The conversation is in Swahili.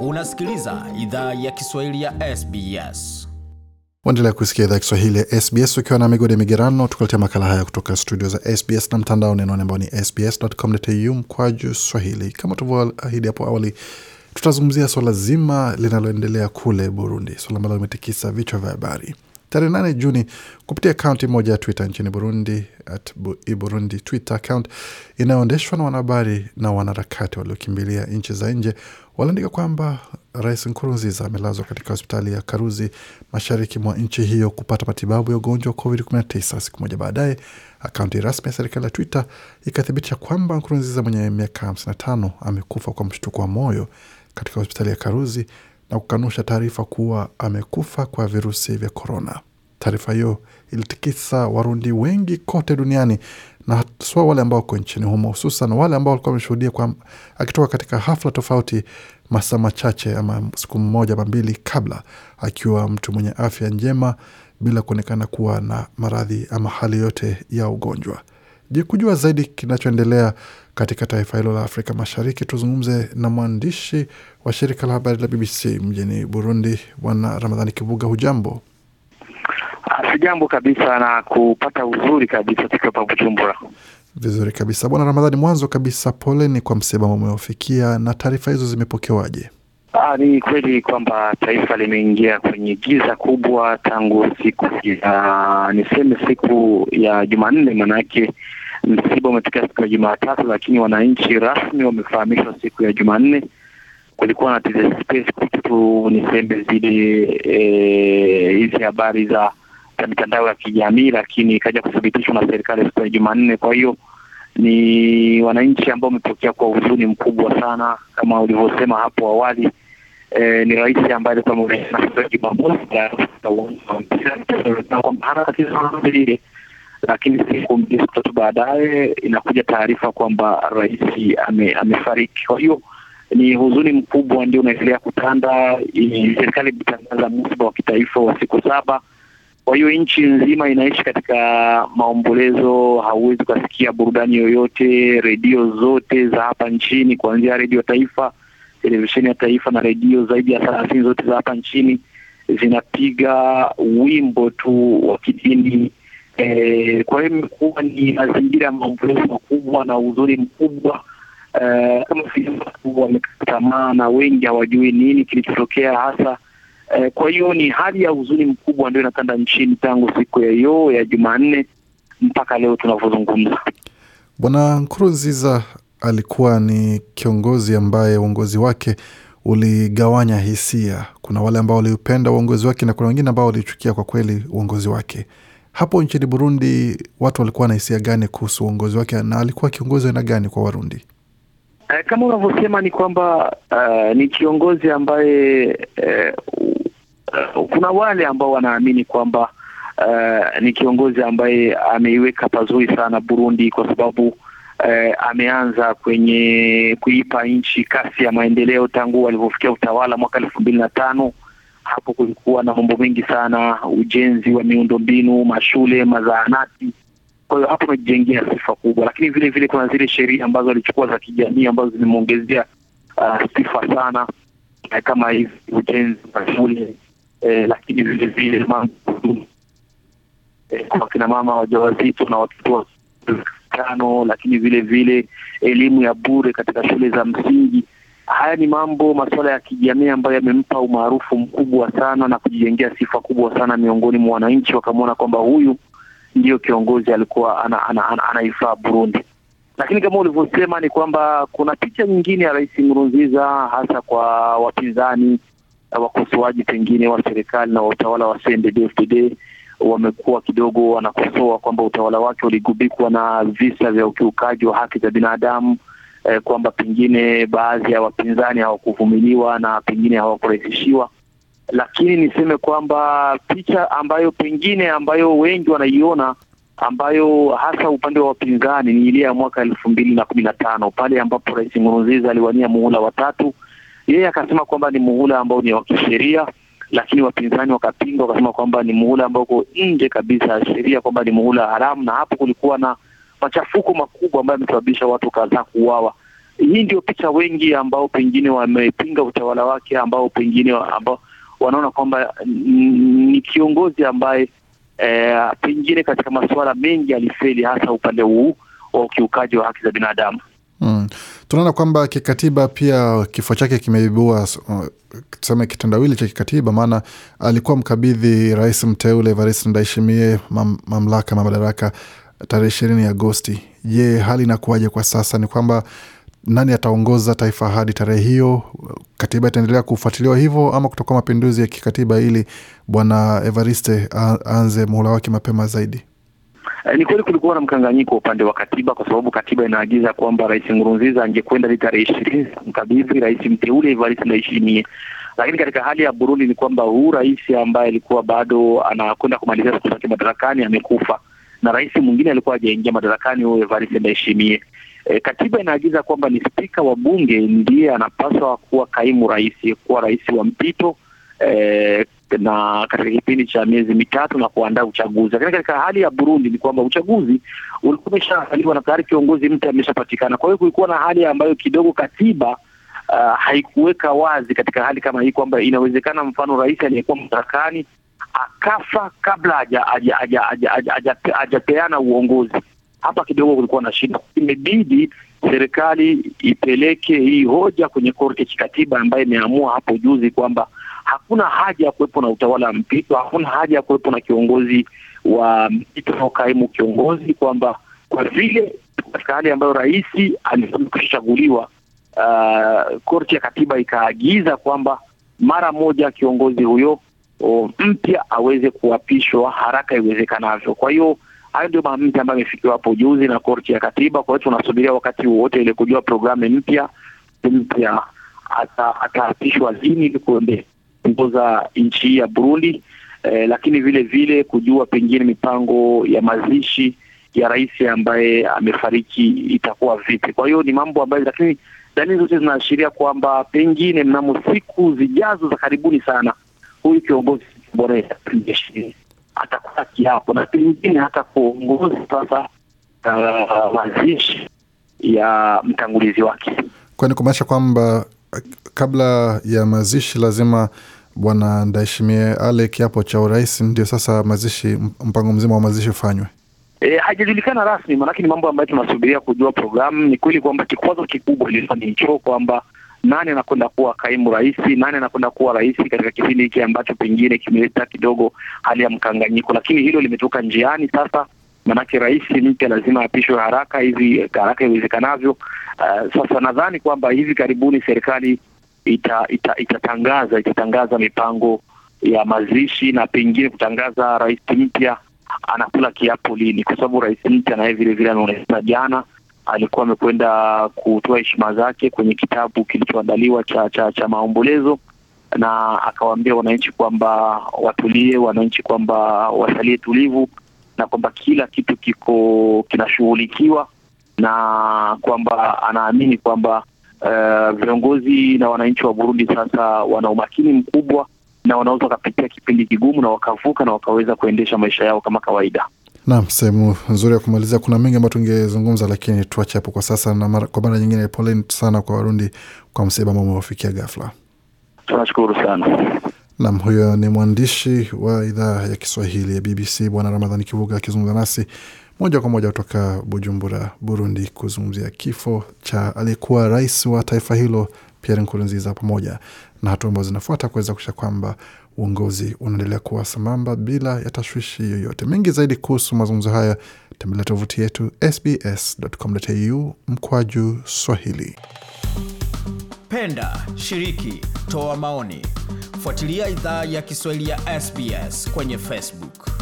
Unasikiliza idhaa ya Kiswahili ya SBS. Uendelea kusikia idhaa ya Kiswahili ya SBS ukiwa na migodi migerano, tukuletea makala haya kutoka studio za SBS na mtandao nenoni ambao ni sbs.com.au mkwaju swahili. Kama tulivyoahidi hapo awali, tutazungumzia swala zima linaloendelea kule Burundi, swala ambalo limetikisa vichwa vya habari tarehe nane Juni kupitia akaunti moja ya Twitter nchini Burundi at Burundi Twitter account inayoendeshwa na wanahabari na wanaharakati waliokimbilia nchi za nje waliandika kwamba Rais Nkurunziza amelazwa katika hospitali ya Karuzi mashariki mwa nchi hiyo kupata matibabu ya ugonjwa wa COVID-19. Siku moja baadaye, akaunti rasmi ya serikali ya Twitter ikathibitisha kwamba Nkurunziza mwenye miaka 55 amekufa kwa mshtuko wa moyo katika hospitali ya Karuzi na kukanusha taarifa kuwa amekufa kwa virusi vya korona. Taarifa hiyo ilitikisa Warundi wengi kote duniani na haswa wale ambao wako nchini humo, hususan wale ambao walikuwa wameshuhudia akitoka katika hafla tofauti masaa machache ama siku mmoja ama mbili kabla, akiwa mtu mwenye afya njema bila kuonekana kuwa na maradhi ama hali yote ya ugonjwa. Je, kujua zaidi kinachoendelea katika taifa hilo la Afrika Mashariki. Tuzungumze na mwandishi wa shirika la habari la BBC mjini Burundi, Bwana Ramadhani Kibuga. Hujambo? Ah, sijambo kabisa na kupata uzuri kabisa tukiwa Bujumbura. Vizuri kabisa Bwana Ramadhani, mwanzo kabisa poleni kwa msiba umeofikia, na taarifa hizo zimepokewaje? Aa, ah, ni kweli kwamba taifa limeingia kwenye giza kubwa tangu siku ya niseme siku ya Jumanne, manaake Msiba umetokea siku ya Jumatatu, lakini wananchi rasmi wamefahamishwa siku ya Jumanne. Kulikuwa na tu nisembe zile e, hizi e, habari za za mitandao ya kijamii, lakini ikaja kuthibitishwa na serikali siku ya Jumanne. Kwa hiyo ni wananchi ambao wamepokea kwa huzuni mkubwa sana, kama ulivyosema hapo awali. E, ni rais ambaye alikuwa ameonekana siku ya Jumamosi kwamba hana tatizo lile lakini siku mbili tatu baadaye inakuja taarifa kwamba rais ame, amefariki. Kwa hiyo ni huzuni mkubwa ndio unaendelea kutanda. Serikali imetangaza msiba wa kitaifa wa siku saba. Kwa hiyo nchi nzima inaishi katika maombolezo, hauwezi ukasikia burudani yoyote. Redio zote za hapa nchini, kuanzia redio ya taifa, televisheni ya taifa na redio zaidi ya thelathini zote za hapa nchini zinapiga wimbo tu wa kidini Eh, kwa hiyo imekuwa ni mazingira ya maombolezi makubwa na huzuni mkubwa eh, kama uh, wamekata tamaa na wengi hawajui nini kilichotokea hasa. eh, kwa hiyo ni hali ya huzuni mkubwa ndio inatanda nchini tangu siku ya hiyo ya Jumanne mpaka leo tunavyozungumza. Bwana Nkurunziza alikuwa ni kiongozi ambaye uongozi wake uligawanya hisia. Kuna wale ambao waliupenda uongozi wake na kuna wengine ambao walichukia kwa kweli uongozi wake. Hapo nchini Burundi watu walikuwa na hisia gani kuhusu uongozi wake na alikuwa kiongozi aina gani kwa Warundi? Eh, kama unavyosema ni kwamba uh, ni kiongozi ambaye uh, uh, kuna wale ambao wanaamini kwamba uh, ni kiongozi ambaye ameiweka pazuri sana Burundi kwa sababu Uh, ameanza kwenye kuipa nchi kasi ya maendeleo tangu walivyofikia utawala mwaka elfu mbili na tano hapo kulikuwa na mambo mengi sana, ujenzi wa miundombinu, mashule, mazahanati. Kwa hiyo hapo amejijengea sifa kubwa, lakini vile vile kuna zile sheria ambazo alichukua za kijamii ambazo zimemwongezea uh, sifa sana eh, kama hivi ujenzi wa shule eh, lakini vile vile eh, kwa kina mama wajawazito na watoto tano, lakini vile vile elimu ya bure katika shule za msingi Haya ni mambo masuala ya kijamii ambayo yamempa umaarufu mkubwa sana na kujijengea sifa kubwa sana miongoni mwa wananchi, wakamwona kwamba huyu ndiyo kiongozi alikuwa anaifaa ana, ana, ana Burundi. Lakini kama ulivyosema ni kwamba kuna picha nyingine ya Rais Nkurunziza hasa kwa wapinzani na wakosoaji pengine wa serikali na wa utawala wa CNDD-FDD wamekuwa kidogo wanakosoa kwamba utawala wake uligubikwa na visa vya ukiukaji wa haki za binadamu eh, kwamba pengine baadhi ya wapinzani hawakuvumiliwa na pengine hawakurahisishiwa, lakini niseme kwamba picha ambayo pengine ambayo wengi wanaiona ambayo hasa upande wa wapinzani ni ile ya mwaka elfu mbili na kumi na tano pale ambapo Rais Nkurunziza aliwania muhula watatu. Yeye akasema kwamba ni muhula ambao ni wa kisheria, lakini wapinzani wakapinga, wakasema kwamba ni muhula ambao uko nje kabisa ya sheria, kwamba ni muhula haramu, na hapo kulikuwa na machafuko makubwa ambayo yamesababisha watu kadhaa kuuawa. Hii ndio picha wengi ambao pengine wamepinga utawala wake, ambao pengine ambao wanaona kwamba ni kiongozi ambaye e, pengine katika masuala mengi alifeli, hasa upande huu wa ukiukaji wa haki za binadamu. Hmm. Tunaona kwamba kikatiba pia kifo chake kimeibua uh, tuseme kitendawili cha kikatiba, maana alikuwa mkabidhi rais mteule Evariste Ndayishimiye mam, mamlaka madaraka tarehe ishirini Agosti. Je, hali inakuwaje kwa sasa? Ni kwamba nani ataongoza taifa hadi tarehe hiyo? Katiba itaendelea kufuatiliwa hivyo ama kutokua mapinduzi ya kikatiba ili bwana Evariste aanze muhula wake mapema zaidi? Eh, ni kweli kulikuwa na mkanganyiko upande wa katiba, kwa sababu katiba inaagiza kwamba rais Nkurunziza angekwenda ni tarehe ishirini mkabidhi rais mteule Evariste Ndayishimiye, lakini katika hali ya Burundi ni kwamba huu rais ambaye alikuwa bado anakwenda kumalizia siku zake madarakani amekufa na rais mwingine alikuwa hajaingia madarakani, huyo Evariste Ndayishimiye. E, katiba inaagiza kwamba ni spika wa bunge ndiye anapaswa kuwa kaimu rais, kuwa rais wa mpito e, na katika kipindi cha miezi mitatu na kuandaa uchaguzi. Lakini katika hali ya Burundi ni kwamba uchaguzi ulikuwa umeshaandaliwa na tayari kiongozi mpya ameshapatikana. Kwa hiyo kulikuwa na hali ambayo kidogo katiba uh, haikuweka wazi katika hali kama hii kwamba inawezekana, mfano rais aliyekuwa madarakani akafa kabla hajapeana uongozi. Hapa kidogo kulikuwa na shida, imebidi serikali ipeleke hii hoja kwenye korti ya kikatiba ambayo imeamua hapo juzi kwamba hakuna haja ya kuwepo na utawala mpito, hakuna haja ya kuwepo na kiongozi wa mpito, kaimu kiongozi, kwamba kwa vile katika hali ambayo rais alikuwa amekwishachaguliwa, uh, korti ya katiba ikaagiza kwamba mara moja kiongozi huyo mpya aweze kuapishwa haraka iwezekanavyo. Kwa hiyo hayo ndio maamuzi ambayo amefikiwa hapo juzi na korti ya katiba. Kwa hiyo tunasubiria wakati wowote ile kujua programu mpya mpya ataapishwa lini ili kuongoza nchi hii ya Burundi. Eh, lakini vile vile kujua pengine mipango ya mazishi ya rais ambaye amefariki itakuwa vipi. Kwa hiyo ni mambo ambayo, lakini dalili zote zinaashiria kwamba pengine mnamo siku zijazo za karibuni sana huyu kiongozi bora ya jeshi atakuwa kiapo na pengine hata kuongoza sasa uh, mazishi ya mtangulizi wake, kwani kumaanisha kwamba uh, kabla ya mazishi lazima bwana Ndayishimiye ale kiapo cha urais, ndio sasa mazishi, mpango mzima wa mazishi ufanywe. E, eh, haijajulikana rasmi, maanake ni mambo ambayo tunasubiria kujua programu. Ni kweli kwamba kikwazo kikubwa ilikuwa ni hicho kwamba nani anakwenda kuwa kaimu rais, nani anakwenda kuwa rais katika kipindi hiki ambacho pengine kimeleta kidogo hali ya mkanganyiko, lakini hilo limetoka njiani sasa manake rais mpya lazima apishwe haraka hivi haraka iwezekanavyo. Uh, sasa nadhani kwamba hivi karibuni serikali ita, ita, itatangaza itatangaza mipango ya mazishi na pengine kutangaza rais mpya anakula kiapo lini, kwa sababu rais mpya naye vilevile ameonekana jana alikuwa amekwenda kutoa heshima zake kwenye kitabu kilichoandaliwa cha, cha, cha maombolezo na akawaambia wananchi kwamba watulie, wananchi kwamba wasalie tulivu na kwamba kila kitu kiko kinashughulikiwa na kwamba anaamini kwamba uh, viongozi na wananchi wa Burundi sasa wana umakini mkubwa na wanaweza wakapitia kipindi kigumu na wakavuka na wakaweza kuendesha maisha yao kama kawaida. Naam, sehemu nzuri ya kumalizia. Kuna mengi ambayo tungezungumza, lakini tuache hapo kwa sasa, na mara, kwa mara nyingine pole sana kwa Warundi kwa msiba ambao umewafikia ghafla. Tunashukuru sana. Naam, huyo ni mwandishi wa idhaa ya Kiswahili ya BBC Bwana Ramadhani Kivuga akizungumza nasi moja kwa moja kutoka Bujumbura, Burundi, kuzungumzia kifo cha aliyekuwa rais wa taifa hilo Pierre Nkurunziza pamoja na hatua ambazo zinafuata kuweza kuisha kwamba uongozi unaendelea kuwa sambamba bila ya tashwishi yoyote. Mengi zaidi kuhusu mazungumzo haya, tembelea tovuti yetu sbs.com.au mkwaju Swahili. Penda, shiriki, toa maoni, fuatilia idhaa ya Kiswahili ya SBS kwenye Facebook.